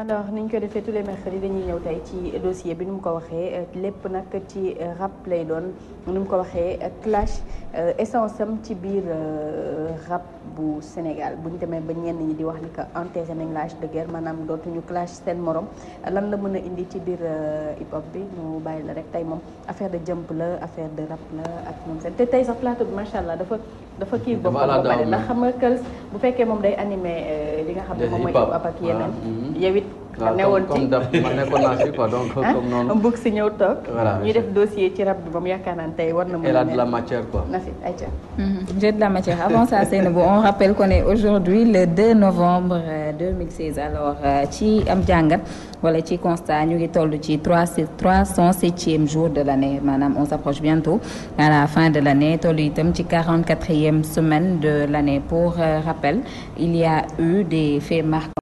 alors ni ñu ko defee tous les mercredis dañuy ñëw tey ci dossier bi nu mu ko waxee lépp nag ci rap lay doon nu mu ko waxee clash. Euh, essence am ci biir euh, rap bu Sénégal bu ñu demee ba ñenn ñi di wax ni que enterré nañ l'âge de guerre maanaam dootuñu clash seen morom lan la mën a indi ci biir euh, hip hop bi ñu bàyyi la rek tey moom affaire de jump la affaire de rap la ak moom seen te tey sax plateau bi macha allah dafa dafa kii bopp ba pare ndax xam nga këls bu fekkee moom day anime li nga xam ne moom mooy hip hop ak yeneen mm-hmm. yow nga newoon ci comme daf ma nekkoon dossier ci rab bi ba mu yaakaar naa tey war na. mën a de la matière quoi. na fi ayca. Mhm. j'ai de on rappelle qu'on est aujourd'hui le 2 novembre 2016 euh, alors euh, ci am jàngat wala ci constat ñu ngi toll ci trois trois cent septième jour de l'année maanaam on s'approche bientôt à la fin de l'année toll itam ci quarante quatrième semaine de l'année pour euh, rappel il y a eu des faits marquants.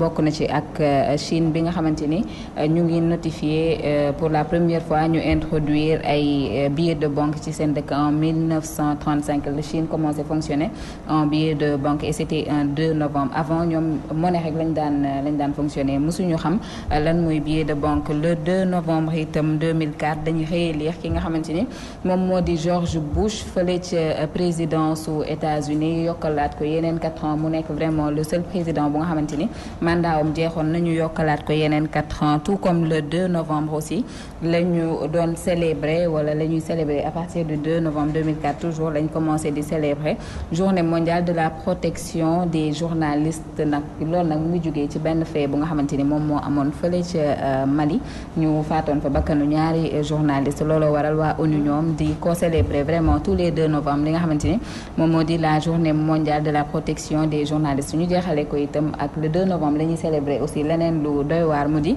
bokk na ci ak euh, Chine bi nga xamante ni euh, ñu ngi notifié euh, pour la première fois ñu introduire ay billets de banque ci seen dëkk en 1935 la Chine commencé fonctionner en billet de banque et un 2 novembre avant ñoom monnaie rek lañ daan lañ daan fonctionner mosuñu xam lan muy billet de banque le 2 novembre itam 2004 dañu réélire ki nga xamante ni moom moo di George Bush fële ca président su États-Unis yokkalaat ko yeneen 4 ans mu nekk vraiment le seul président bu nga xamante ni mandaawam jeexoon nañu yokkalaat ko yeneen quatre ans tout comme le 2 novembre aussi la ñu doon célébrer wala la ñuy célébrer à partir du 2 novembre 2004 toujours lañ commencé di célébrer journée mondiale de la protection des journalistes nag loolu nag mu ngi jugee ci benn fee bu nga xamante ni moom moo amoon fële ca euh, Mali ñu faatoon fa bakkanu ñaari journaliste looloo waral waa ONU ñoom di ko célébrer vraiment tous les 2 novembre li nga xamante ni moom moo di la journée mondiale de la protection des journalistes ñu jeexale moom la aussi leneen lu doy waar mu di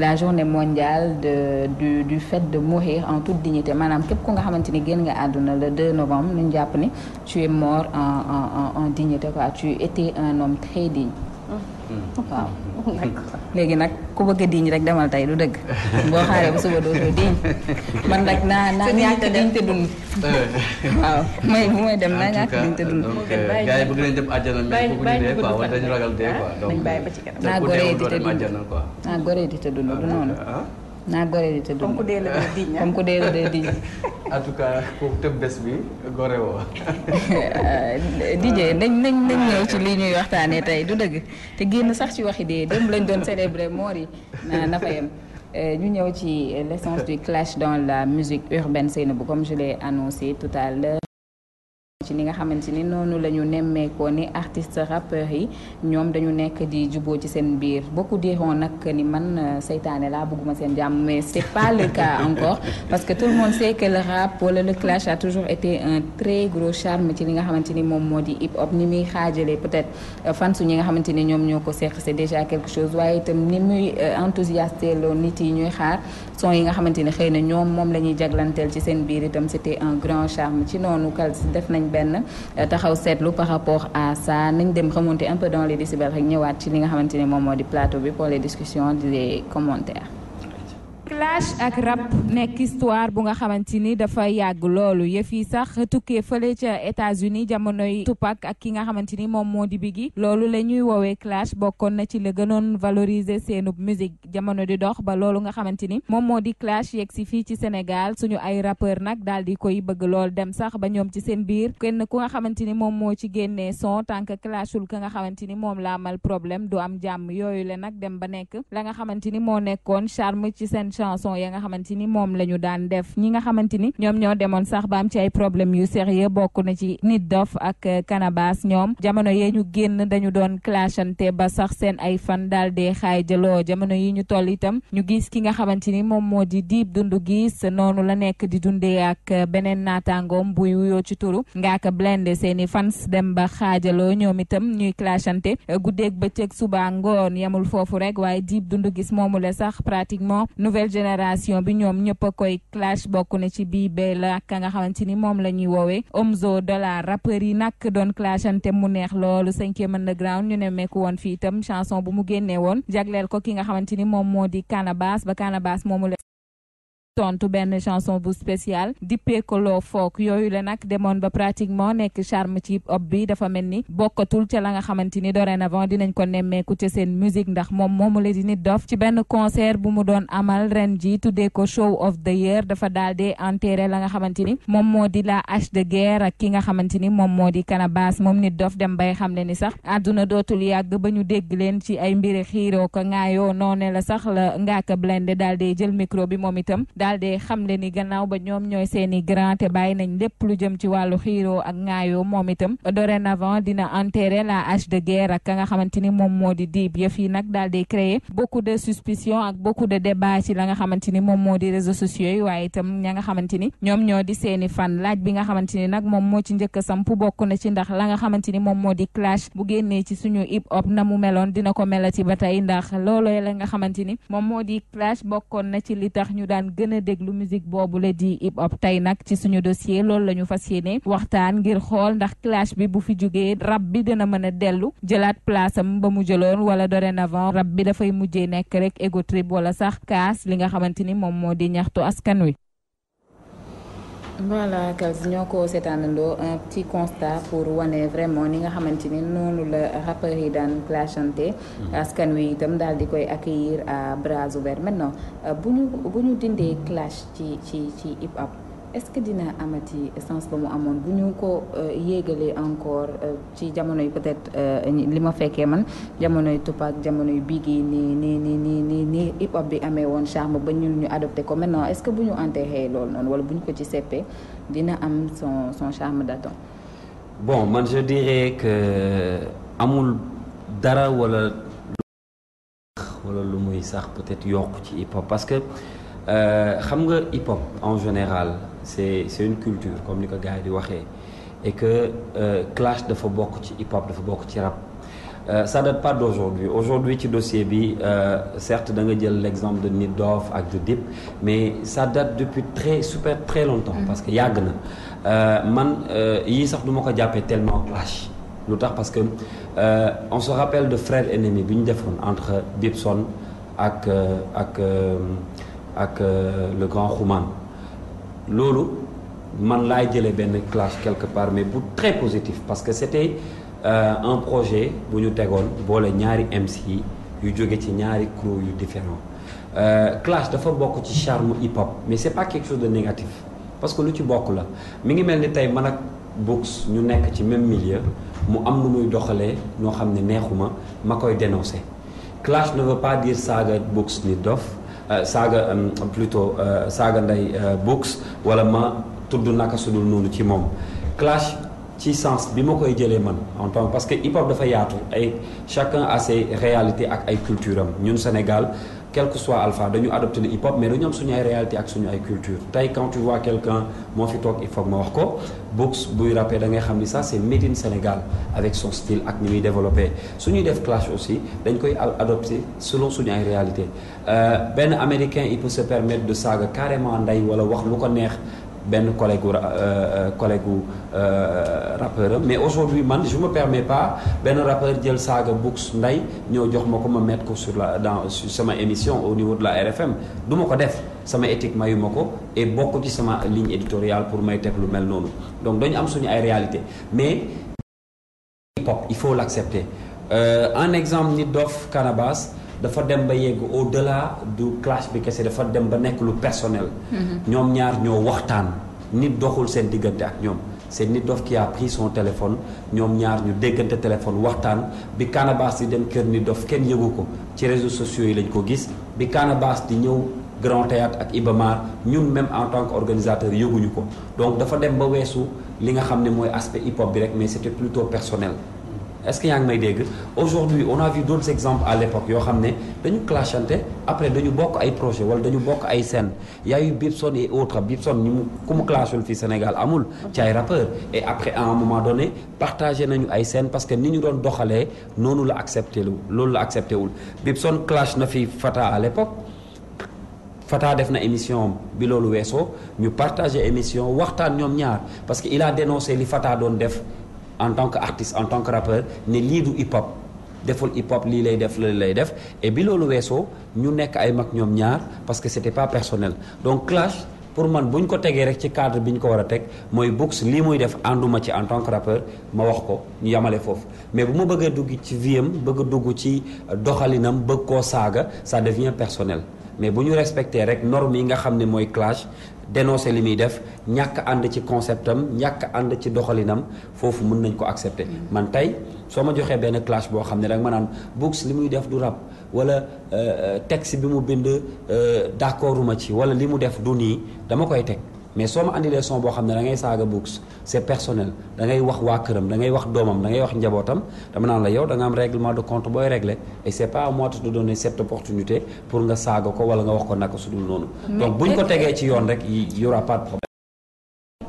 la journée mondiale de du du fait de mourir en toute dignité maanaam képp ku nga xamante ni génn nga àdduna le 2 novembre ñu jàpp ni tu es mort en en en en dignité quoi tu étais un homme très digne mm. léegi nag ku bëgg a diñ rek demal tey du dëgg boo xaaree ba suba dootoo diñ man nag naa naa ñàkk diñ te dund waaw may bu may dem naa ñàkk diñ te dund gars yi bëgg nañ dem àjjana mais bëgg ñu dee quoi wala ah, dañu naa goree di te dund du ah, noonu ah. naa gore di te dund comme ku dee la dee diñ comme ku dee la dee diñ en tout cas ku tëb bés bi gore woo. DJ nañ nañ nañ ñëw ci lii ñuy waxtaanee tey du dëgg te génn sax ci waxi dee démb lañ doon célébrer moor yi na na euh, ñu ñëw ci l'essence du clash dans la musique urbaine Seynabou comme je l'ai annoncé tout ci ni nga xamante ni noonu la ñu nemmeekoo ni artiste rappeur yi ñoom dañu nekk di juboo ci seen biir beaucoup diront nag ni man euh, seytaane la bëgguma seen jàmm mais c'est pas le cas encore parce que tout le monde sait wala le clash a toujours été un très gros charme ci li nga xamante ni moom moo di hip hop ni muy xaajalee peut-être euh, fan ñi nga xamante ni ñoom ñoo ko seq c'est déjà quelque chose waaye itam ni muy euh, enthousiaste loo nit yi ñuy xaar son yi nga xamante ni xëy na ñoom moom la ñuy jaglanteel ci seen biir itam c'était un grand charme ci benn taxaw seetlu par rapport à ça nañ dem remonter un peu dans les décibels rek ñëwaat ci li nga xamante ne moom moo di plateau bi pour les discussions les commentaires clash ak rap nekk histoire bu nga xamante ni dafa yàgg loolu yëf yi sax tukkee fële ca États-Unis jamonoy Tupac ak ki nga xamante ni moom moo di Biggie loolu la ñuy woowee clash bokkoon na ci la gënoon valoriser seenub musique jamono di dox ba loolu nga xamante ni moom moo di clash yegg si fii ci Sénégal suñu ay rappeur nag daal di koy bëgg lool dem sax ba ñoom ci seen biir kenn ku nga xamante ni moom moo ci génnee son tant que clashul ka nga xamante ni moom laa mal problème du am jàmm yooyu la nag dem ba nekk la nga xamante nekkoon charme ci seen chanson ya nga xamante ni moom la ñu daan def ñi nga xamante ni ñoom ñoo demoon sax ba am ci ay problème yu sérieux bokk na ci nit dof ak kanabas euh, ñoom jamono yee ñu génn dañu doon clashante ba sax seen ay fan daal dee xaay jaloo jamono yi ñu toll itam ñu gis ki nga xamante ni moom moo di dundu dund gis noonu la nekk di dundee ak euh, beneen naataangoom buy wuyoo ci turu ngaaka blende seeni fans dem ba xaajaloo ñoom itam ñuy clashante euh, guddeeg bëccëg suba ngoon yemul génération bi ñoom ñëpp a koy clash bokk na ci bii bee la ak nga xamante moom la ñuy woowee Dollar rappeurs yi nag doon clashante mu neex loolu cinquième underground ñu ne mekk woon fii itam chanson bu mu génnee woon jagleel ko ki nga xamante ni moom moo ba Canabasse moomu la tontu benn chanson bu spécial dippee ko loo foog yooyu la nag demoon ba pratiquement nekk charme ci ob bi dafa mel ni bokkatul ca la nga xamante ni dorénavant dinañ ko nemmeeku ca seen musique ndax moom moomu la di nit dof ci benn concert bu mu doon amal ren ji tuddee ko show of the year dafa daal dee enterré la nga xamante ni moom moo di la hache de guerre ak ki nga xamante ni moom moo di Canabasse moom nit dof dem bay xam le ni sax àdduna dootul yàgg ba ñu dégg leen ci ay mbiri xiiroo ko ngaayoo noone la sax la ngaaka blende daal dee jël micro bi moom itam daal di xamle ni gannaaw ba ñoom ñooy seen i grand te bàyyi nañ lépp lu jëm ci wàllu xiiroo ak ŋaayoo moom itam dorénavant dina enterrer la hache de guerre ak ka nga xamante ni moom moo di créer beaucoup de suspicion ak beaucoup de débat ci la nga xamante ni moom moo di réseaux sociaux yi waaye itam ña nga xamante ni ñoom ñoo di seeni fan laaj bi nga xamante ni nag moom moo ci njëkk a bokk na ci ndax la nga xamante ni moom moo di clash bu génnee ci suñu mu meloon dina di clash bokkoon na ci li tax ñu daan gën gën a déglu musique boobu la di hip hop tey nag ci suñu dossier loolu la ñu fas yéene waxtaan ngir xool ndax clash bi bu fi jógee rab bi dina mën a dellu jëlaat place am ba mu jëloon wala dorénavant rab bi dafay mujjee nekk rek ego trip wala sax kaas li nga xamante ni moom moo di ñaxtu askan wi voilà Kals ñoo ko seetaanandoo un petit constat pour wane vraiment ni nga xamante ni noonu la rappeurs yi daan clashanté mm-hmm. askan wi itam daal di koy accueillir à bras ouverts maintenant euh, bu ñu bu ñu dindee clash ci ci ci hip hop est-ce que dina amati sens ba mu amoon bu ñu ko euh, yégalee encore euh, ci jamono yi peut-être euh, li ma fekkee man jamono yi Tupac jamono yi Biggie nii nii nii nii nii nii hip hop bi amee woon charme ba ñun ñu adopté ko maintenant est-ce que bu ñu enterré loolu noonu wala bu ñu ko ci seppee dina am son son charme daton bon man je dirais que amul dara wala wala lu muy sax peut-être yokk ci hip hop parce que. Euh, xam nga hip hop en général c'est c'est une culture comme ni ko gars yi di waxee et que euh, clash dafa bokk ci hip hop dafa bokk ci rab sa euh, date pas d'aujourd'hui aujourd'hui ci dossier bi certes da nga jël l'exemple de Nit Doff ak de Dip mais ça date depuis très super très longtemps mm. parce que yàgg na man yi sax du ma ko jàppee tellement clash lu tax parce que on se rappelle de frère ennemi bi ñu defoon entre Bibson ak ak ak euh, le grand Xuman loolu man laay jëlee benn clash quelque part mais bu très positif parce que c'était euh, un projet bu ñu tegoon boole ñaari MC yu jóge ci ñaari crew yu différent euh, clash dafa bokk ci charme hip hop mais c'est pas quelque chose de négatif parce que lu ci bokk la mi ngi mel ni tey man ak Books ñu nekk ci même milieu mu am lu muy doxalee noo xam ne neexuma ma koy dénoncer clash ne veut pas dire saaga Books ni dof Euh, saaga euh, plutôt euh, saaga nday books wala ma tudd naka sudul noonu ci moom clash ci sens bi ma koy jëlee man en tant parce que hip hop dafa yaatu ay chaque a réalité ak ay culture am ñun Sénégal quel que soit alpha dañu adopté le hip hop mais dañu am suñu ay réalité ak suñu ay culture tey quand tu vois quelqu'un moo fi toog il faut ma wax ko Books buy rappé da ngay xam ni ça c'est made Sénégal avec son style ak ni muy développé suñuy def clash aussi dañ koy adopté selon suñu ay réalité euh, benn américain il pour se permettre de saaga carrément ndey wala wax lu ko neex benn collègue euh, euh, collègue gu euh, rappeur am mais aujourd'hui man je me permets pas benn rappeur jël saaga Books Ndeye ñoo jox ma ko ma mettre ko sur la dans sur sama émission au niveau de la RFM du ma ko def sama éthique mayu ma ko et bokk ci sama ligne éditoriale pour may teg lu mel noonu donc dañu am suñu ay réalité mais hip hop il faut l'accepter euh, un exemple nit dof Canabas dafa dem ba yegg au delà du clash bi kese dafa dem ba nekk lu personnel. Mm-hmm. ñoom ñaar ñoo waxtaan. nit doxul seen diggante ak ñoom seen Nitdoff qui a pris son téléphone ñoom ñaar ñu déggante téléphone waxtaan bi Canabasse di dem kër Nitdoff kenn yëgu ko ci réseau sociaux yi lañ ko gis bi Canabasse di ñëw Grand Théâtre ak Iba Mar ñun même en tant que organisateur yëguñu ko donc dafa dem ba weesu li nga xam ne mooy aspect hip hop bi rek mais c'était plutôt personnel. est-ce que yaa ngi may dégg aujourd'hui on a vu d'autres exemples à l'époque yoo xam ne dañu clashante après dañu bokk ay projet wala dañu bokk ay scène yaayu Bibson et autres Bibson ñu mu ku mu clashul fii Sénégal amul ci ay rappeur et après à un moment donné partagé nañu ay scène parce que ni ñu doon doxalee noonu la accepté lu loolu la accepté wul Bibson clash na fi Fata à l'époque Fata def na émission bi loolu weesoo ñu partagé émission waxtaan ñoom ñaar parce que il a dénoncé li Fata doon def en tant que artiste en tant que rappeur ne lii du hip hop deful hip hop lii lay def lii lay def et bi loolu weesoo ñu nekk ay mag ñoom ñaar parce que c'était pas personnel donc clash pour man bu ñu ko tegee rek ci cadre bi ñu ko war a teg mooy Books lii muy def ànduma ci en tant que rappeur ma wax ko ñu yamale foofu mais bu ma bëggee dugg ci vie bëgg dugg ci euh, doxalinam bëgg koo saaga sa devient personnel mais bu ñu respecté rek normes yi nga xam ne mooy clash dénoncé li muy def ñàkk ànd ci am ñàkk ànd ci doxalinam foofu mun nañ ko accepté man tey soo ma joxee benn clash boo xam ne rek ma naan Bouks li muy def du rap wala euh, texte bi mu bind euh, d'accorduma ci wala li mu def du nii dama koy teg mais soo ma andilee boo xam ne da ngay saaga books c' est personnel da wax waa këram da ngay wax doomam da ngay wax njabootam dama naan la yow da am règlement de compte booy régler et c' est pas à moi de te donner cette opportunité pour nga saaga ko wala nga wax ko naka su dul noonu. donc buñ ko tegee ci yoon rek y aura pas de problème.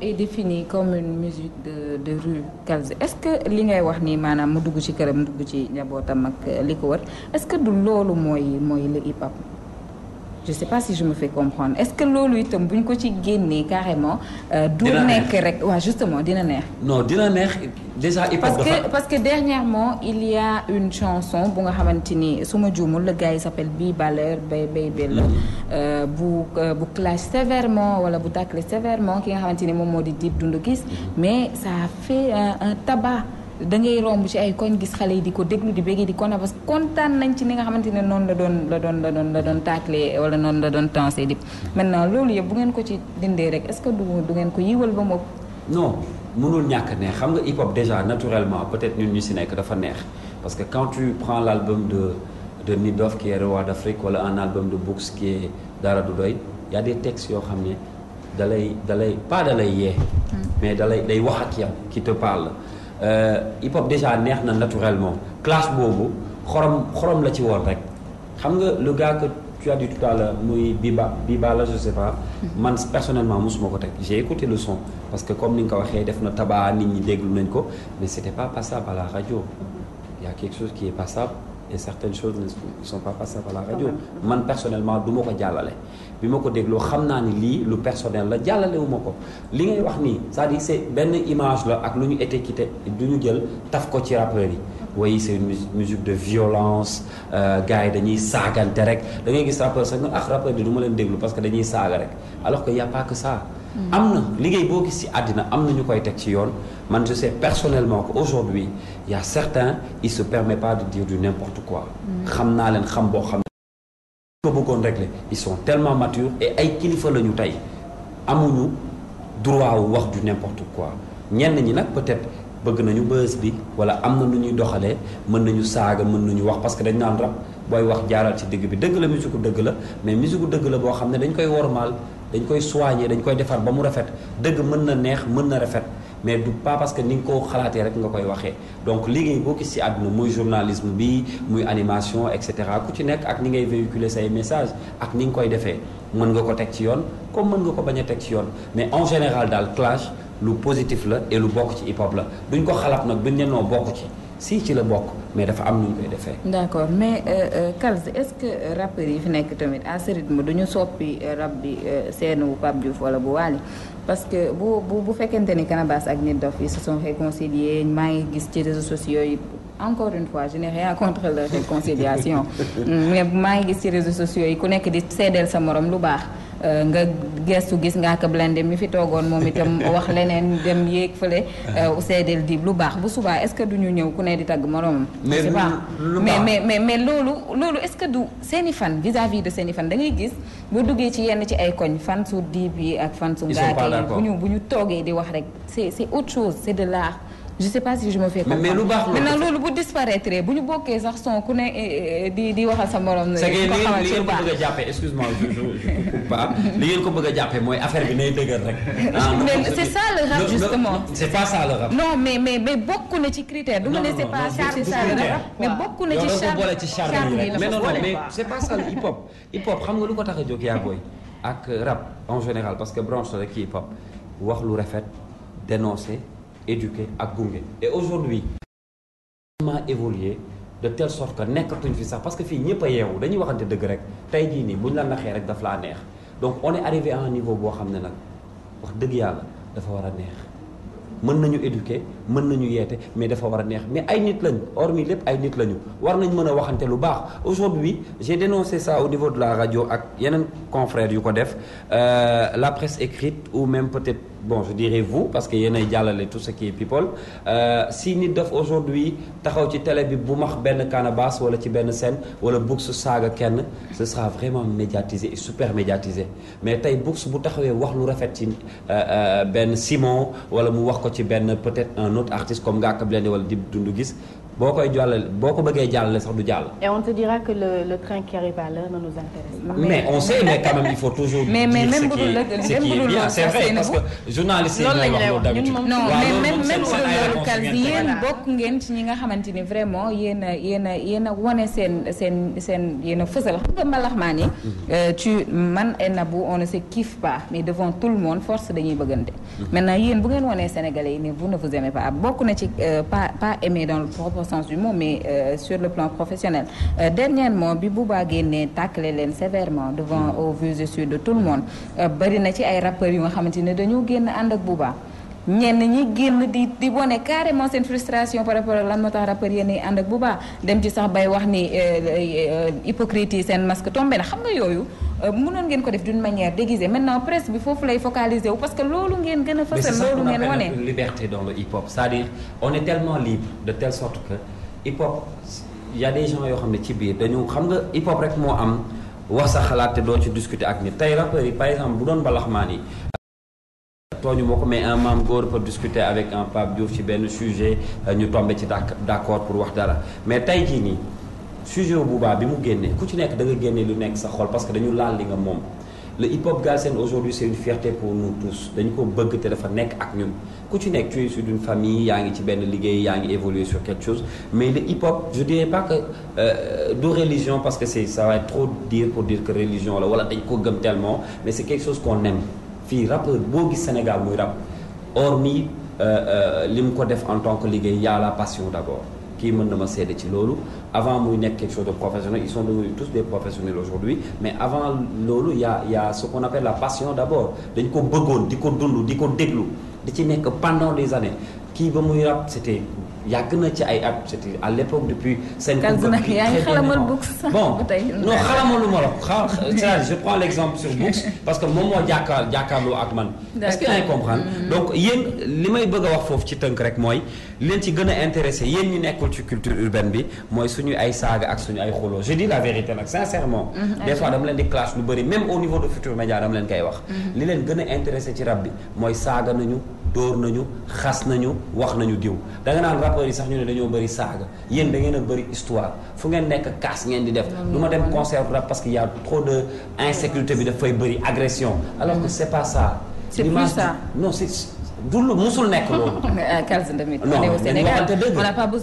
est défini comme une musique de de est-ce que li ngay wax nii maanaam mu dugg ci këram mu dugg ci njabootam ak li ko war est-ce que du loolu mooy mooy le hip hop. je sais pas si je me fais comprendre est-ce que loolu itam bu ñu ko ci génnee carrément. Euh, du nekk rek waaw justement dina neex. non dina neex déjà. parce que parce que dernièrement il y a une chanson bu nga xamante ni su ma juumul le gars yi s'appelle Bi baleur Bay Bay Bell. Mhm. Euh, bu euh, bu clash sévèrement wala bu tacle sévèrement ki nga xamante ni moom moo di Dip Doundou Guiss mhm. mais ça a fait un tabac. da ngay romb ci ay koñ gis xale yi di ko déglu di béggee di kona parce que kontaan nañ ci ni nga xamante ne noonu la doon la doon la doon la doon tacler wala noonu la doon tensé di maintenant loolu yëpp bu ngeen ko ci dindee rek est-ce que du du ngeen ko yiwal ba moom. non mënul ñàkk neex xam nga hip hop déjà naturellement peut-être ñun ñu si nekk dafa neex parce que quand tu prends l'album de de Nidoff qui est roi d'Afrique wala un album de Books qui est Dara du doy y a yoo xam ne da lay da lay pas da lay yee. Hmm. mais da lay day wax ak yow qui te parle. Euh, hip hop déjà neex na naturellement classe boobu xorom xorom la ci woon rek xam nga le gars que tu as dit tout à l'heure muy Biba Biba la je sais pas. man personnellement mosuma ko teg j'ai écouté le son parce que comme ni nga ko waxee def na tabac nit ñi déglu nañ ko mais c'était pas passable à la radio il y a quelque chose qui est passable. et certaines choses ne sont pas passables à la rajo man personnellement duma ko jàllale bi ma ko dégloo xam naa ni lii lu personnel la jàllale wu ma ko li ngay wax nii c'est-à-dire benn image la ak lu ñu étiqueté du ñu jël taf ko ci rappeurs yi way c'est une musique de violence euh, gars yi dañuy saagante rek da ngay gis rappeur sax nga ah rappeur bi leen déglu parce que dañuy saaga rek alors que y a am na liggéey boo gis ci àddina am na ñu koy teg ci yoon man je sais personnellement que aujourd'hui y a certains il se permet pas de dire du n'importe quoi xam naa leen xam boo xam ne ko bëggoon régler ils sont tellement matures et ay kilifa la ñu tey amuñu droit wu wax du n'importe quoi ñenn ñi nag peut-être bëgg nañu bës bi wala am na nu ñuy doxalee mën nañu saaga mën nañu wax parce que dañ naan rab booy wax jaaral ci dëgg bi dëgg la musique dëgg la mais musique dëgg la boo xam ne dañ koy wormaal dañ koy soigner dañ koy defar ba mu rafet dëgg mën na neex mën na rafet mais du pas parce que ni nga ko xalaatee rek nga koy waxee donc liggéey boo gis ci àdduna muy journalisme bi muy animation et cetera ku ci nekk ak ni ngay véhiculer say message ak ni nga koy defee mën nga ko teg ci yoon comme mën nga ko bañ a teg ci yoon mais en général daal clash lu positif la et lu bokk ci hip hop la duñ ko xalaat nag duñ ne noo bokk ci si ci la bokk mais dafa am nu ñu koy defee. d' accord mais euh, euh, Kals est ce que euh, rappeurs yi fi nekk tamit à ce rythme du ñu soppi rap bi seenu bu Pape Diouf wala bu Waly parce que bu bu bu fekkente ni Canabasse ak Nit Dof yi se sont réconciliés maa ngi gis ci réseaux sociaux yi. encore une fois je n'ai contre la réconciliation mais maa ngi gis ci réseaux sociaux yi ku nekk di seedeel sa moroom lu baax. Euh, nga gestu gis nga ak Blindé mi fi toogoon moom itam wax leneen dem yéeg fële ah. euh, seedeel diib lu baax bu subaa est-ce que du ñu ñëw ku ne di tagg moroomam mais mais mais mais loolu loolu est-ce que du seeni fan vis-à-vis de seeni fan da gis boo duggee ci yenn ci ay koñ fan su diib yi ak fan su ngaake yi bu ñu bu ñu toogee di wax rek c'est c'est autre chose c'est de l'art je sais pas si je me fais comprendre. mais lu baax loolu maintenant loolu bu disparaître bu ñu bokkee sax son ku ne eh, eh, di di waxal sa morom. c'est li ngeen ko bëgg a jàppee excuse-moi je je je li ngeen ko bëgg a jàppee mooy affaire bi nay dëgër rek. Ah, c'est ça le justement. c'est pas ça le non mais mais mais bokk na ci critère. du ma ne c'est pas ça le mais bokk na ci charme boole ci charme yi mais non non mais c'est pas ça le hip hop. hip hop xam nga lu ko tax a jóg yaa booy ak rap en général parce que branche la rek ci hip wax lu rafet dénoncer. éduquer ak gunge et aujourd'hui vraiment évolué de telle sorte que nekkatuñ fi sax parce que fii ñëpp a yeewu dañuy waxante dëgg rek tey jii nii buñ la naxee rek daf laa neex donc on est arrivé à niveau boo xam ne nag wax dëgg yàlla dafa war a neex mën nañu éduquer mën nañu yeete mais dafa war a neex mais ay nit lañ hormis lépp ay nit lañu war nañ mën a waxante lu baax aujourd'hui j'ai dénoncé saa au niveau de la radio ak yeneen confrères yu ko def euh, la presse écrite ou même peut-être bon je dirais vous parce que yéenay jàllale tout ce qui est people euh, si nit daf aujourd'hui taxaw ci télé bi bu max benn canabas wala ci benn scène wala Bouks saaga kenn ce sera vraiment médiatisé et super médiatisé mais tey Bouks bu taxawee wax lu rafet ci euh, benn Simon wala mu wax ko ci benn peut-être un un autre artiste comme Ngaaka Blindé wala Dip Doundou Guiss boo koy jàllale boo ko bëggee jàllale sax du jàll. et on te dira que le le train qui arrive à l'heure ne nous intéresse. mais, mais on sait mais quand même il faut toujours. mais mais même bu dul la c'est vrai parce que journaliste yi ñooy wax loolu d'habitude. non mais bu ngeen ci ñi nga xamante ni vraiment yéen a yéen a yéen a seen seen seen yéen a fësal xam nga mbalaxmaan yi. Mhm. Euh, tu man et Nabou on ne se kiffe pas mais devant tout le monde force dañuy bëggante. Mhm. maintenant yéen bu ngeen wanee Sénégalais yi mais vous ne vous aimez bokk na euh, au sens du mot mais euh, sur le plan professionnel euh, dernièrement bi Booba génnee tàkkale leen sévèrement devant au vu et sur de tout le monde euh, bëri na ci ay rappeurs yu nga xamante ne dañoo génn ànd ak Booba ñenn ñi génn di di wone carrément seen frustration par rapport ak lan moo tax rappeurs yéen a ànd ak bu baax dem ci sax bay wax ni euh, euh, hypocrite yi seen masque tombé na xam nga yooyu euh, mënoon ngeen ko def d'une manière déguisée maintenant presse bi foofu lay focaliser wu parce que loolu ngeen gën a fësal loolu ngeen wone une liberté dans le hip hop cest à on est tellement libre de telle sorte que hip hop y a des yoo xam ne ci biir dañu xam nga hip hop rek moo am wax sa xalaat te doo ci discuter ak nit tey rappeurs par exemple bu doon balaxmaan yi tooñu ma ko mais un membre góor peut discuter avec un Pape Diouf ci benn sujet euh, ñu tombé ci d'accord pour wax dala mais tey jii nii sujet bu baax bi mu génnee ku ci nekk da nga génne lu nekk sa xol parce que dañu laal li nga moom le hip hop galsen aujourd'hui c'est une fierté pour nous tous dañu ko bëgg te dafa nekk ak ñun ku ci nekk tu es issu d'une famille yaa ngi ci benn liggéey yaa ngi évoluer sur quelque chose mais le hip hop je dirais pas que euh, parce que c'est ça va être trop la wala dañ ko gëm tellement mais fii rappeur boo gis Sénégal muy rap hormis euh, euh, li mu ko def en tant que liggéey y a la passion d'abord kii mën na ma seede ci loolu avant muy nekk quelque chose de professionnel ils sont devenus tous des professionnels aujourd'hui mais avant loolu y a y a ce qu'on appelle la passion d'abord dañ ko bëggoon di ko dund di ko déglu di ci nekk pendant des années kii ba muy rap c'était yàgg na ci ay at c'était à l'époque depuis. seen kooku ak yaa ngi xalamal Books bon non xalamalu ma la xa c'est je prends l'exemple sur Books parce que moom moo jàkkaar jàkkaarloo ak man. est-ce que yaa ngi comprendre. Mm. donc yéen li may bëgg a wax foofu ci tënk rek mooy. li leen ci gën a intéressé yéen ñu nekkul ci culture urbaine bi mooy suñu ay saaga ak suñu ay xuloo je dis la vérité nag sincèrement mm-hmm. des fois dama leen di clash lu bëri même au niveau de Futurs Médias dama leen koy wax mm-hmm. li leen gën a intéressé ci rab bi mooy saaga nañu dóor nañu xas nañu wax nañu diw da nga naan rappeurs yi sax ñu ne dañoo bëri saaga yéen da ngeen a bëri histoire fu ngeen nekk kaas ngeen di def lu mm-hmm. ma dem concert rap parce que y de insécurité bi dafay bëri agression alors que c'est pas ça c'est plus ça non c'est du lu musul nekk loolu. Kalz euh, tamit. non on est au Sénégal on n'a pas euh, bi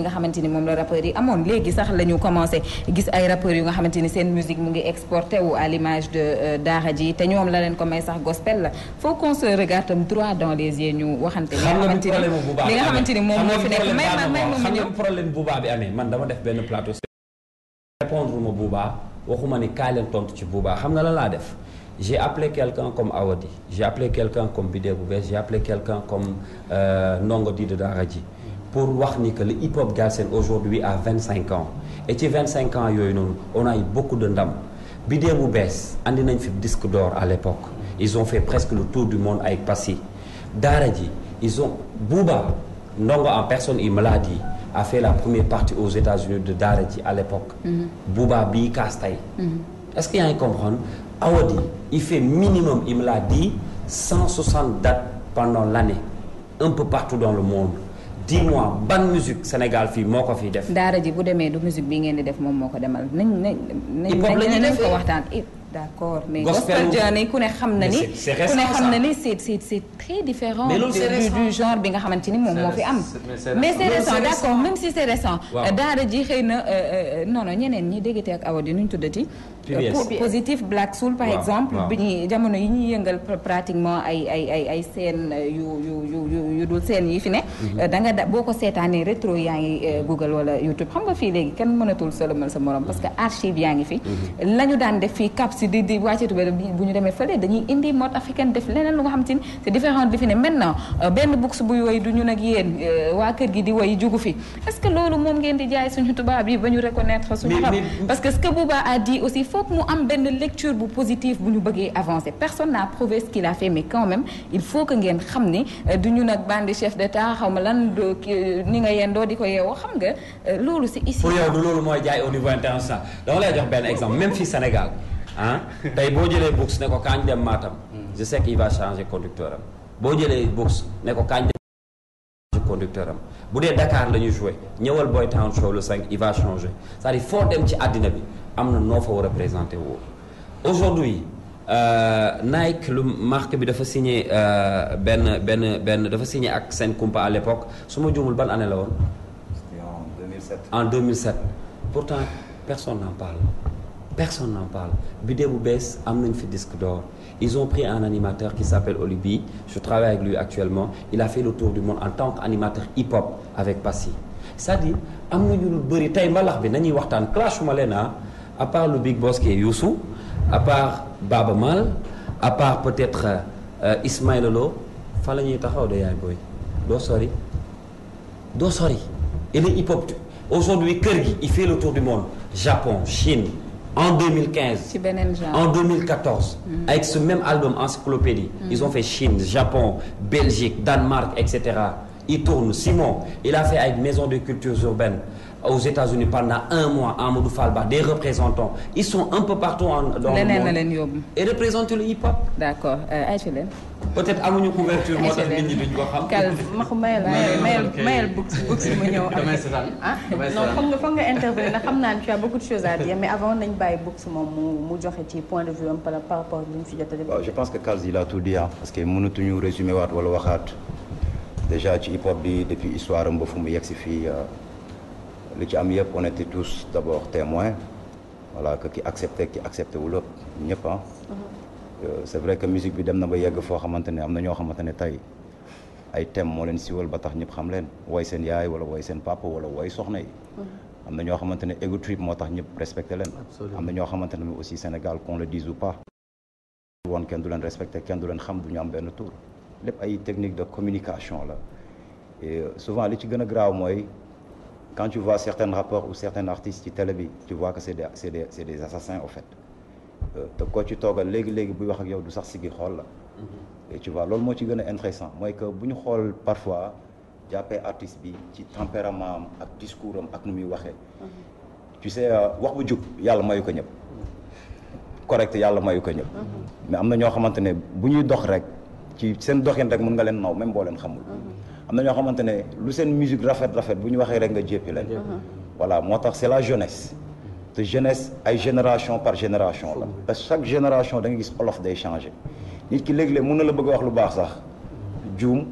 nga xamante ni moom la rappeurs yi amoon léegi sax la ñu commencé gis ay rappeurs yu nga xamante ni seen musique mu ngi exporté wu à l'image de euh, Daara te ñoom la leen ko may sax gospel la foo qu'on se regarde droit dans les yeux ñu waxante. xamante ni li nga xamante ni moom moo fi nekk may ma may ma ñëw problème Booba bi amee man dama def benn plateau. répondre ma Booba waxuma ni kaay leen ci Booba xam nga la laa def. j'ai appelé quelqu'un comme Awadi j'ai appelé quelqu'un comme Bidé Boubès j'ai appelé quelqu'un comme euh, Ndongo Dida Daradji pour wax ni que le hip hop galsen aujourd'hui vingt 25 ans et ci 25 ans yooyu noonu on ay eu de ndam bu bees andi nañ fi disque d'or à l'époque ils ont fait presque le tour du monde avec Passy ji ils ont Booba Ndongo en personne i me l'a dit a fait la première partie aux États-Unis de Daradji à l'époque mm -hmm. Booba Awadi, il fait minimum, il me l'a dit, 160 dates pendant l'année, un peu partout dans le monde. dis-moi ban musique Sénégal fii moo ko fi def. daara ji bu demee du musique bi ngeen di def moom moo ko demal nañ nañ. hip hop la ñuy def ko waxtaan eh, d'accord mais. gospel journée ku ne xam na ni. c'est ku ne xam na ni c'est c'est très différent. du genre bi nga xamante ni moom moo fi am. mais c'est récent d'accord même si c'est récent. daara ji xëy na euh, euh, non non ñeneen ñi déggate ak Awadi nuñ tuddati. positif Black Soul par exemple bi ñuy jamono yi ñuy yëngal pratiquement ay ay ay ay seen euh, yu yu yu yu dul seen yi fi ne mhm. euh, da nga da boo ko seetaanee retro yaa ngi euh, Google wala YouTube xam nga fii léegi kenn mënatul solomal sa moroom parce que mhm. archive yaa ngi fi mhm. la ñu daan def fi cap si di di wàccetu yi bu ñu demee fële dañuy indi mode africaine def leneen lu nga xam te ni c'est différent li fi ne maintenant benn books bu woy du ñu ak yéen waa kër gi di woy jugu fi est-ce loolu moom ngeen di jaay suñu tubaab yi ba ñu reconnaître suñu faut mu am benn lecture bu positive bu ñu bëggee avancer personne n'a prouvé ce qu'il a fait mais quand même il faut que ngeen xam ni euh, du ñu nag bandi chef d'état xaw ma lan do ni nga yendoo di ko yeewoo xam nga euh, loolu c'est ici. pour yow du loolu mooy jaay au niveau international dama lay jox benn exemple même fii Sénégal ah tey boo jëlee bourse ne ko kaañ dem maatam je sais qu'il va changer conducteur am boo jëlee bourse ne ko kaañ dem conducteur am bu dee Dakar la ñu ñëwal Boy Town show le 5 il va dem ci àddina bi. am na noo fa war a présenté woo aujourd'hui euh, Nike lu marque bi dafa signé euh, benn benn benn dafa signé ak seen kumpa à l'époque su ma juumul ban année la woon en 2007 en 2007 pourtant personne n'en parle personne n'en parle Bidé bu bees am nañ fi disque d'or ils ont pris un animateur qui s'appelle Olubi je travaille avec lui actuellement il a fait le tour du monde en tant qu'animateur hip-hop avec Passy c'est-à-dire am nañu lu bëri tey mbalax bi nañuy waxtaan clashuma leen ah. à part le big boss qui est Youssou à part Baba Mal à part peut-être euh, Ismaïla Lo fan la ñuy taxaw de yaay booy doo sori doo sori il est hypopte aujourd'hui kër gi il fait le tour du monde Japon Chine en 2015 en 2014 mm. avec ce même album encyclopédie mm. ils ont fait Chine Japon Belgique Danemark etc il tourne Simon il a fait avec Maison de Cultures Urbaines aux États-Unis pendant un mois Amadou Fall Ba des représentants ils sont un peu partout en, dans le monde leen yóbbu et représentent le hip-hop. d'accord euh, peut-être amuñu couverture moo tax nit ñi duñ ko xam. Kal ma ko mayal mayal mayal books ma ñëw. damay seetaan ah, damay seetaan non foog nga foog nga de choses à nañ bàyyi books moom mu mu joxe ci point de vue am par rapport ak li mu fi jot a. waaw je pense que Kals il a tout dit ah. parce que mënatuñu résumé waat wala waxaat déjà ci hip bi depuis histoire am mu yegg si fii. Euh, li ci am yëpp on était tous d' abord témoins voilà que ki accepté ki accepté wul ñëpp ah. c' est vrai que musique bi dem na ba yegg foo xamante ne am na ñoo xamante ne tey ay thème moo leen siwal ba tax ñëpp xam leen woy seen yaay wala woy seen papa wala woy soxna yi. Uh-huh. am na ñoo xamante ne ego trip moo tax ñëpp respecté leen. am na ñoo xamante ne aussi Sénégal qu'on le dise ou pas. woon du leen respecté kenn du leen xam du ñu am benn tour lépp ay technique de communication la souvent li ci gën a graaw mooy. quand tu vois certains rapports ou certains artistes ci télé bi tu vois que c'est des assassins au fait euh, te koo ci toogal léegi-léegi buy wax ak yow du sax sigi xool la mm-hmm. et tu loolu moo ci gën a intéressant mooy que bu ñu xool parfois jàppee artiste bi ci tempérament am ak discours ak nu muy waxee mm-hmm. tu sais euh, wax bu jub yàlla mayu ko ñëpp mm-hmm. correct yàlla mayu ko ñëpp mais am na ñoo xamante ne bu ñuy dox rek ci seen doxin rek mën nga leen naw même boo leen xamul am na ñoo xamante ne lu seen musique rafet bu ñu waxee rek nga jéppi leen voilà moo tax c'est la jeunesse te ay génération par génération la parce que chaque génération da nga gis olof day changé nit ki léeg-léeg na la bëgg wax lu baax sax juum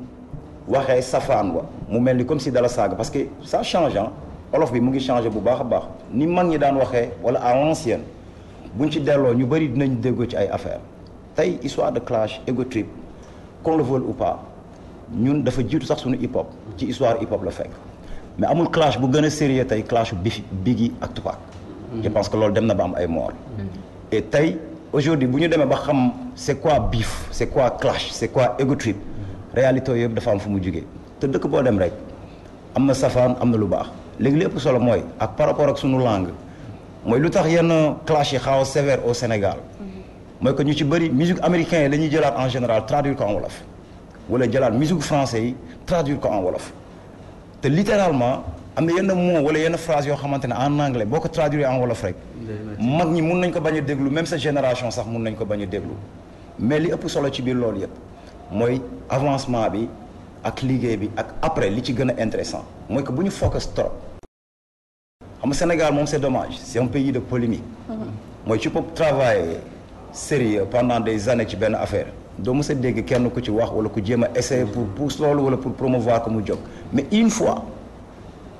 waxee safaan wa mu mel ni comme si dala saaga parce que ça change olof bi mu ngi changé bu baax a baax ni man ñi daan waxee wala à l'ancienne buñ ci delloo ñu bëri dinañ déggoo ci ay affaires tey histoire de clash ego trip qu'on le ñun dafa jiitu sax suñu hip hop ci histoire hip hop la fekk mais amul clash bu gën a sérieux tey clash bi Biggie ak Tupac je pense que loolu dem na ba am ay mort mm-hmm. et tey aujourd'hui bu ñu demee ba xam c'est quoi biif c'est quoi clash c'est quoi ego trip mm-hmm. réalité yooyu yëpp dafa am fu mu jugee te dëkk boo dem rek am na safaan am na lu baax léegi lépp solo mooy ak par rapport ak sunu lang mooy lu tax yenn clash yi xaaw sévère au Sénégal mm-hmm. mooy que ñu ci bëri musique américaine la ñuy jëlaat en général traduire ko en wala jalaat musique français yi traduire ko en wolof te littéralement am na yenn mot wala yenn phrase yoo xamante ne en anglais boo ko traduire en wolof rek mag ñi mun nañ ko bañ a déglu même sa génération sax mun nañ ko bañ déglu mais li ëpp solo ci biir loolu yëpp mooy avancement bi ak liggéey bi ak après li ci gën a intéressant mooy que bu ñu focus trop xam Sénégal moom c'est dommage c'est un pays de polémique mm-hmm. mooy ci peux travailler sérieux pendant des années ci benn affaire doo ma a dégg kenn ku ci wax wala ku jéem a essayer pour sol loolu wala pour promouvoir ko mu jóg mais une fois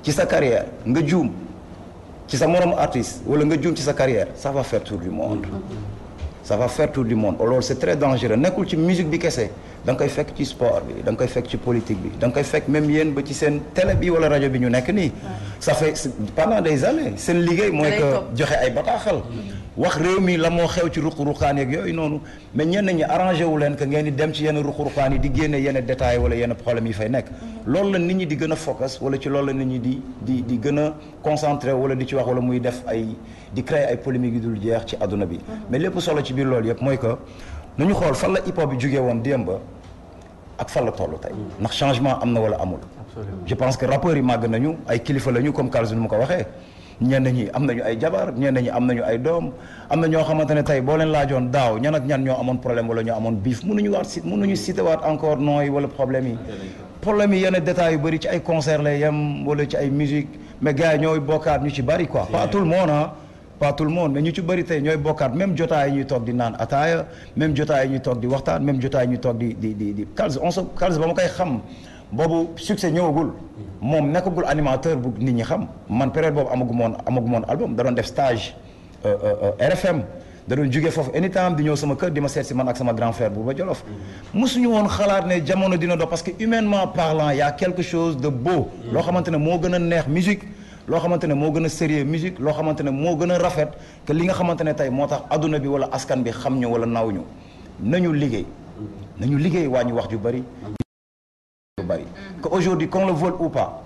ci sa carrière nga juum ci sa moroom artiste wala nga juum ci sa carrière ça va faire tour du monde mm-hmm. ça va faire tour du monde oh, loolu c'est très dangereux nekkul ci musique bi kese da nga koy fekk ci sport bi danga koy fekk ci politique bi danga nga koy fekk même yéen ba ci seen télé bi wala rajo bi ñu nekk nii. ça fait pendant des années seen liggéey mooy que joxe ay bataaxal. wax réew mi la moo xew ci ruq-ruqaan yooyu noonu mais ñenn arrangé wu leen ngeen di dem ci yenn ruq-ruqaan yi di génne yenn détails wala yenn problème yi fay nekk. Mm-hmm. loolu la nit ñi di gën a focus wala ci loolu la nit ñi di di di gën a concentré wala di ci wax wala muy def ay di créer ay polémiques yu dul jeex ci àdduna bi. Mm-hmm. mais lépp solo ci biir yëpp mooy que. nañu xool fan la hip hop bi jugee woon démb ak fan la toll tey ndax changement am na wala amul. je pense que rappeurs yi màgg nañu ay kilifa lañu comme Kalzun mu ko waxee. ñenn ñi am nañu ay jabar ñeen ñi am nañu ay doom am na ñoo xamante ne tey boo leen laajoon daaw ñan ak ñan ñoo amoon problème wala ñoo amoon biif nañu waat si mënuñu cité waat encore nooy wala problème yi. problème yi yenn détails yu bëri ci ay concert lay yem wala ay musique mais gars yi ñooy bokkaat ñu ci bëri quoi. pas pas tout le monde mais ñu ci bëri tey ñooy bokkaat même jotaay yi ñuy toog di naan ataaya même jotaay yi ñuy toog di waxtaan même jotaay yi ñuy toog di di di di Kals on se Kals ba ma xam boobu succès ñëwagul moom nekkagul animateur bu nit ñi xam man période boobu amagu moon amagu moon album da doon def stage euh, euh, euh, RFM da doon jóge foofu anytime di ñëw sama kër di ma seet si man ak sama grand frère Bouba Jolof mosuñu woon xalaat ne jamono dina dox parce que humainement parlant y a quelque chose de beau loo xamante ne moo gën a neex musique loo xamante ne moo gën a sérieux musique loo xamante ne moo gën a rafet que li nga xamante ne tey moo tax àdduna bi wala askan bi xam ñu wala naw ñu nañu liggéey nañu liggéey waa ñu wax ju bari mm-hmm. ju bari que aujourd'hui qu'on le vole ou pas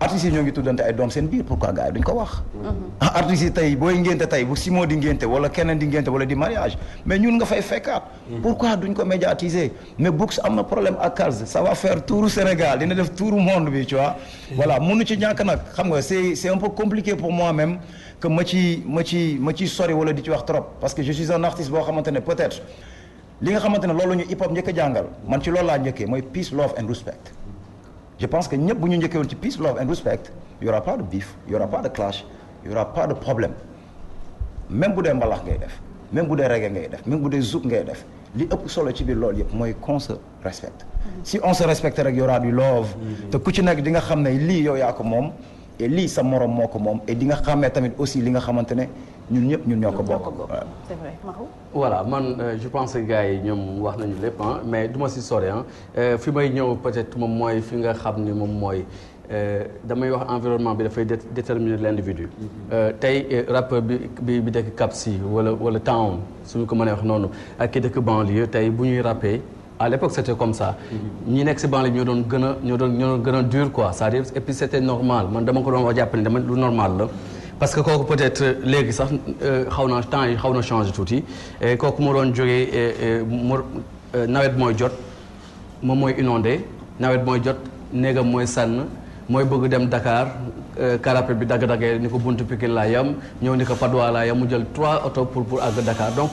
artistes yi ñoo ngi tuddante ay doom seen biir pourquoi gars yi duñ ko wax. Mhm. Ah, artistes yi tey booy ngénte tey bu Simon di ngénte wala keneen di ngénte wala di mariage mais ñun nga fay fekkaat. Mhm. pourquoi duñ ko médiatiser mais Books am na problème ak Kals sa va faire tour Sénégal dina def tour monde bi tu vois. voilà mënu ci ñàkk nag xam nga c'est c'est un peu compliqué pour moi même que ma ci ma ci ci sori wala di ci wax trop parce que je suis un boo ne peut-être nga xamante ne loolu ñu hip hop njëkk a loolu laa njëkkee mooy peace love je pense que ñëpp bu ñu njëkkee woon ci peace love and respect y aura pas de beef y aura pas de clash y aura pas de problème même bu dee mbalax ngay def même bu dee reggae ngay def même bu dee zouk ngay def li ëpp solo ci biir loolu yëpp mooy qu'on se respecte si on se respecte rek y aura du love mm-hmm. te ku ci nekk di nga xam ne lii yow yaa ko moom lii sa morom moo ko moom et di nga xamee tamit aussi li nga xamante ne ñun ñëpp ñun ñoo ko bokk. c'est vrai voilà man euh, je pense que yi ñoom wax nañu lépp ah mais duma si sore ah euh, fi may ñëw peut-être moom mooy fi nga xam ni moom mooy. Euh, damay wax environnement bi dafay déterminer l'individu mm-hmm. tey rappeur bi bi bi dëkk Cap si wala wala temps suñu ko mënee wax noonu ak ki dëkk banlieue tey bu ñuy rappee à l'époque c'était comme ça ñi nekk si banlieue bi ñoo doon gën a ñoo doon ñoo doon a quoi cest dire et puis c'était normal man dama ko doon wax dama lu normal la parce que kooku peut-être léegi sax euh, xaw na temps yi xaw na changé tuuti kooku moo doon jógee mu euh, nawet mooy jot moom mooy inondé nawet mooy jot néegam mooy sànn mooy bëgg dem dakaar euh, carapé bi dagg-daggee ni ko buntu Pikine laa yam ñëw ni ko Padois laa yam mu jël trois oto pour pour àgg Dakar donc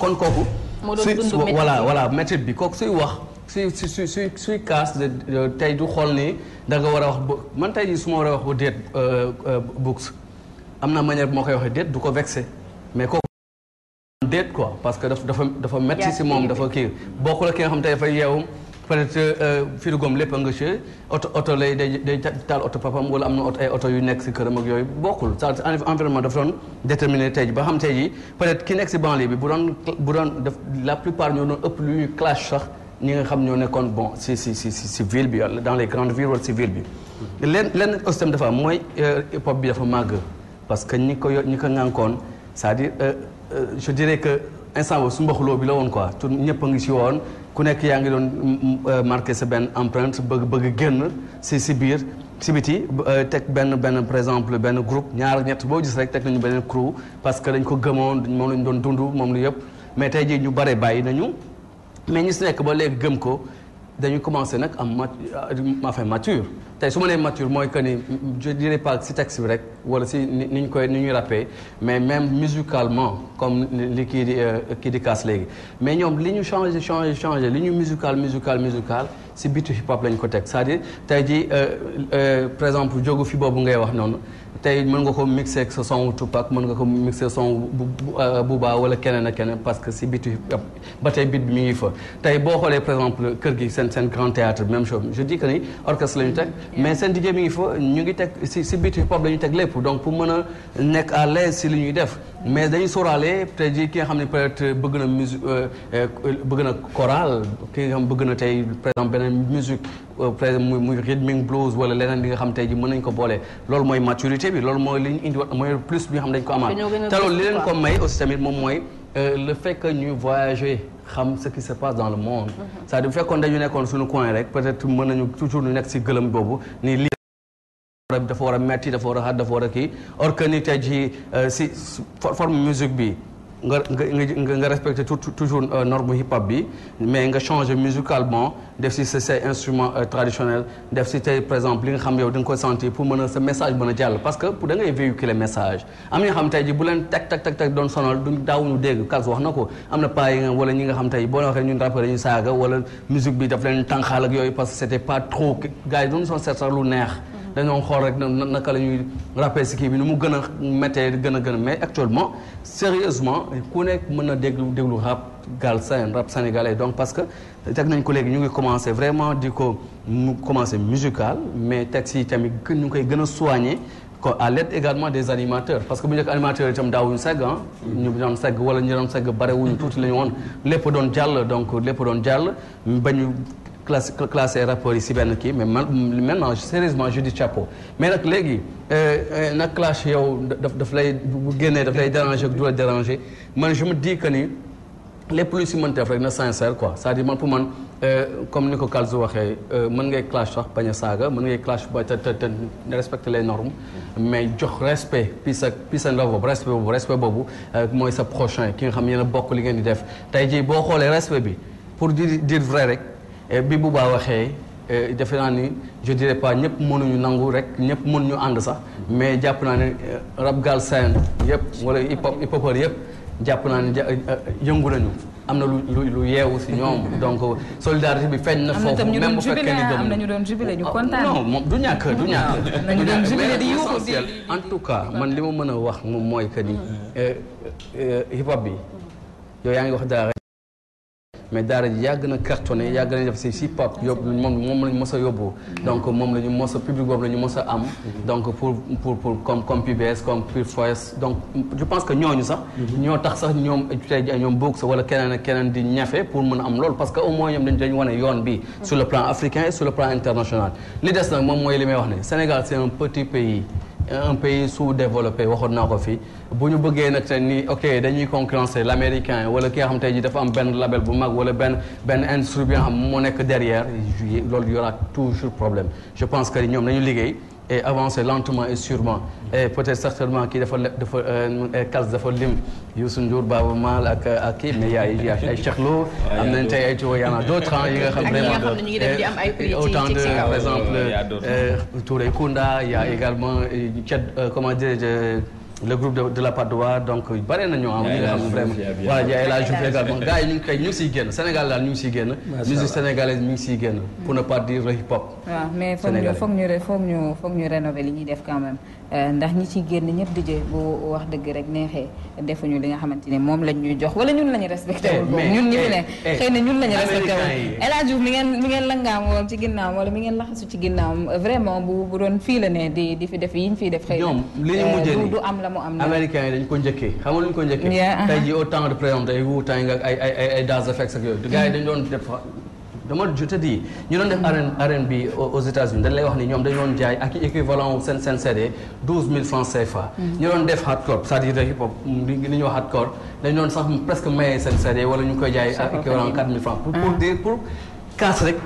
suy suy suy suy kaas tey du xool ni da nga war a wax man tey jii su ma war a wax ba déet euh, euh, books am na manière bu ma koy waxee déet du ko vexé mais kooku déet quoi parce que dafa dafa dafa métti si moom dafa kii bokkul ak ki nga xam tey dafa yeewu peut-être euh, fii du gom lépp nga ci oto oto lay day day taal oto papam wala am na oto ay oto yu nekk si këram ak yooyu bokkul ça environnement dafa doon déterminé tey ba xam tey ji peut-être ki nekk si banlieue bi bu doon bu doon def la plupart ñoo doon ëpp lu ñuy clash sax ñi nga xam ñoo nekkoon bon si si si si ville bi wala dans les grandes villes wala si ville bi. lenn lenn système dafa am mooy euh, hip bi dafa màgg parce que ñi ko ñi ko ŋànkoon c'est-à-dire euh, euh, je dirais que instant boobu su mbaxuloo bi la woon quoi tout ñëpp a ngi si woon ku nekk yaa ngi doon mm, marqué sa benn empreinte bëgg bëgg génn si si biir si biti teg benn benn par exemple benn groupe ñaar ñett boo gis rek teg nañu beneen crew parce que dañ ko gëmoon moom lañ doon dund moom lu yëpp mais tey jii ñu bare bàyyi nañu. mais ñi si nekk ba léegi gëm ko dañu commencé nag am mat euh, enfin mature tey su ma nee mature mooy que ni je dirais pas si texte bi rek wala si ni ñu koy ni ñuy rappee mais même musicalement comme li kii di euh, kii di kaas léegi mais ñoom li ñu changé changé changé li ñu musical musical musical si bitu hip hop lañ ko teg sa à dire tey ji euh, par exemple jógu fi boobu ngay wax noonu tey mën nga koo mixé ak sa son Tupac mën nga ko mixé son bu euh, Booba wala keneen ak keneen parce que si bitu ba tey bit bi mi ngi fa tey boo xoolee par exemple kër gi seen seen grand théâtre même chose je dis ni orchestre la teg mais seen DJ mi ngi fa ñu ngi teg si si bitu hip ñu teg lépp donc pour mën a nekk à l'aise si li ñuy def mais dañuy sóoraale tey jii ki nga xam ne peut-être bëgg na musique euh, euh, bëgg na chorale ki nga xam bëgg na tey par exemple beneen musique par euh, exemple muy muy rhythmic blues wala leneen li nga xam tey ji mën nañ ko boole loolu mooy maturité bi loolu mooy li ñu indi mooy plus bi nga xam dañ ko amaat te li leen ko may aussi tamit moom mooy euh, le fait ñu xam ce qui se passe dans le monde mm-hmm. cest bu fekkoon dañu nekkoon suñu coin rek peut-être nañu toujours ñu nekk si gëlëm boobu nii lii dafa war metti dafa war a dafa war a kii tey ji euh, si forme musique bi nga nga nga respecté toujours euh, norme hip hop bi mais nga changé musicalement def si say instrument euh, traditionnel def si tey par exemple li nga xam yow di ko sentir pour mën a sa message mën a jàll parce que pour da ngay message am na ñoo xam tey bu leen teg teg teg doon sonal duñ daawuñu dégg kas wax na ko am na paa nga wala ñi nga xam tey boo na waxee ñun rappeur dañuy saaga wala musique bi daf leen tànqaal ak yooyu parce que c'était neex dañoo xool rek naka la ñuy rappel si kii bi nu mu gën a méttee gën a gën a mais actuellement sérieusement ku nekk mën na déglu déglu rap galsen rap sénégalais donc parce que teg nañ ko léegi ñu ngi commencé vraiment di ko mu commencé musical mais texte yi tamit ñu ngi koy gën a soigné ko à l'aide également des animateurs parce que bu njëkk animateurs itam daawuñu segg ah ñu doon segg wala ñu doon segg barewuñu tuuti lañu woon lépp doon jàll donc lépp doon jàll ba classé classé rapport yi si benn kii mais man maintenant sérieusement je chapeau mais nag léegi euh, euh, nag clash yow daf daf lay bu génnee daf lay déranger du la déranger man je me dis que ni lépp lu si mën def rek na sincère quoi c'est-à-dire man pour man euh, comme ni ko Kalzu waxee mën ngay clash sax bañ a saaga mën ngay clash ba te te te respecter les normes mais jox respect peace ak peace and love boobu respect boobu respect mooy sa prochain ki nga xam yéen a bokk li ngeen di def Eh, bi bu Bouba waxee eh, defe naa ni je dirais pas ñëpp mënuñu nangu rek ñëpp mënuñu ànd sax mais jàpp naa ne rab eh, rap galsen yëpp wala hip hop hip hopeur yëpp jàpp naa ne yëngu nañu am na lu lu yeewu si ñoom donc solidarité bi feeñ na foofu même bu fekkee ni am na ñu doon jubilé ñu ah, kontaan non moom du ñàkk du ñàkk ah, nañu doon jubilé di yuuxu di en tout cas man li ma mën a wax moom mooy que ni mm-hmm. hip hop bi yow yaa ngi wax dara mais daara ji yàgg na cartonné yàgg nañ def si si pop yóbbu moom moom la ñu yóbbu donc moom la ñu mos a public boobu la ñu mos a am donc pour pour pour comme comme PBS comme Pure Voice donc je pense que ñooñu sax ñoo tax sax ñoom tey ñoom boog sa wala keneen ak keneen di ñafe pour mun a am lool parce que au moins ñoom dañ dañ yoon bi sur le plan africain et sur le plan international li des nag moom mooy li may wax ne Sénégal c'est un petit pays un pays sous-développé waxoon naa ko fi bu ñu bëggee nag te ni ok dañuy concurrencer l'américain wala ki a xam te ji dafa am benn label bu mag wala benn benn industrie bi nga xam moo nekk derrière loolu y aura toujours problème je pense que ñoom dañu liggéey et avancer lentement et sûrement et peut-être certainement kii dafa dafa euh, euh, kas dafa lim Youssou Ndour Baaba Maal ak euh, ak kii mais yaay ay Cheikh Lo am nañ tey ay Touré y'en a d'autres yi nga xam vraiment autant de par exemple Touré Kunda y a également Thiat comment dirais-je le groupe de, de la Padoa donc bare na ñoo am ñi vraiment voilà Ndiaye El Hadj également gars ñu ngi koy ñu ngi génn Sénégal daal ñu ngi génn musique sénégalaise mi ngi génn pour ne pas dire le hip hop waaw mais foog ñu foog ñu ñu def quand Euh, ndax ñi ci génn ñëpp di jël bu wax dëgg rek neexee defuñu li nga xamante ne moom lañ ñuy jox wala ñun lañu respecté eh, wul ñun ñi fi eh, ne eh, xëy na ñun lañu respecté wul El Hadj ngeen mi ngeen langaam woon ci wala mi ngeen laxasu ci ginnaawam vraiment bu bu doon fii la ne di fi def yiñ fiy def xëy na euh, du am la mu am na américain yi dañ ko njëkkee xam nga ko njëkkee uh-huh. tey jii au temps de présenter yooyu mm. dañ doon def dama jot a di ñu doon def arène aux États-Unis dañ wax ni ñoom dañu doon jaay ak équivalent seen seen CD 12000 francs CFA. ñu doon def hardcore cest à hip hop li ñuy wax hardcore dañu doon sax presque maye seen CD wala ñu koy jaay ak équivalent 4000 francs pour pour ah. pour casse rek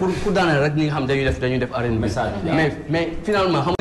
pour pour daaneel rek ñi xam dañuy def dañuy def arène bi mais mais finalement xam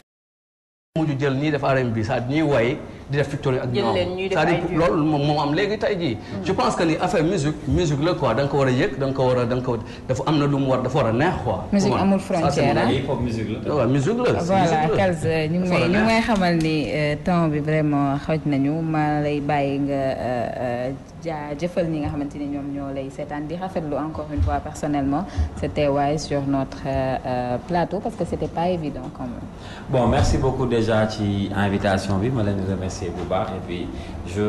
di def victoire ak ñoom c'est-à-dire loolu moom moo am léegi tey jii mm. je pense que ni affaire musique musique la quoi da nga ko war a yëg da nga ko war a da nga ko dafa am na lu mu war dafa war a neex quoi musique amul frontière ah musique la waaw musique la voilà Kals euh, ñu ngi may ñu ngi may xamal ni euh, temps bi vraiment xoj nañu maa lay bàyyi nga euh, jaa jëfal ñi nga xamante ni ñoom ñoo lay seetaan di rafetlu encore une fois personnellement sa teewaay sur notre euh, euh, plateau parce que c'était pas évident quand merci beaucoup déjà ci invitation bi ma leen di remercier et puis je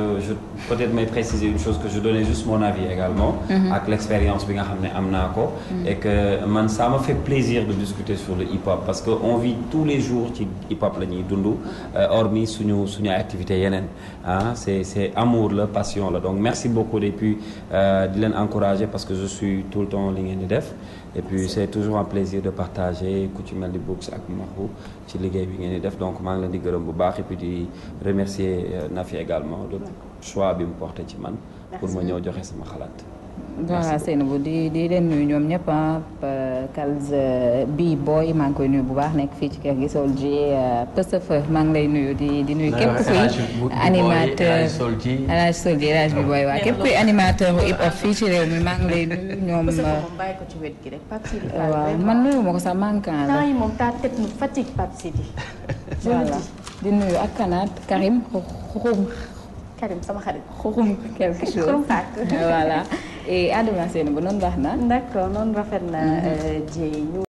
peut-être may préciser une chose que je donnais juste mon avis également. Mm-hmm. ak l'expérience bi nga xam ne am naa ko. Mm-hmm. et que man ça m'a fait plaisir de discuter sur le hip-hop parce que on vit tous les jours ci hip-hop la ñuy dund euh, hormis suñu activité yeneen ah, c'est amour la passion la merci beaucoup et puis euh, di leen encourager parce que je suis tout le temps li ngeen di def et puis c'est toujours un plaisir de partager ku ci mel ni Books ak Mahou ci liggéey bi ngeen di def donc maa ngi leen di gërëm bu baax et puis di remercier euh, Nafi également de choix bi mu porté ci man pour ma ñëw joxe sama xalaat voilà Seynabou di di leen nuyu ñoom ñëpp Kalz ah, euh, bi booy maa ngi koy nuyu bu baax nekk fii ci kër gi Sol ji Pastefeur maa ngi lay nuyu di di nuyu képp kuy animateur El Hadj Sol ji El Hadj bi waa képp kuy animateur bu hip hop fii ci réew mi maa ngi lay nuyu ñoom euh, man nuyu moo ko sax maa ngi kan la moom ta di nuyu ak kanaat Karim xum Karim sama xarit. xuxum quelque chose xuxum fàq. voilà et àdduna seen ba noonu baax na. d'accord noonu rafet na. Mm-hmm. Euh, Dieye ñu.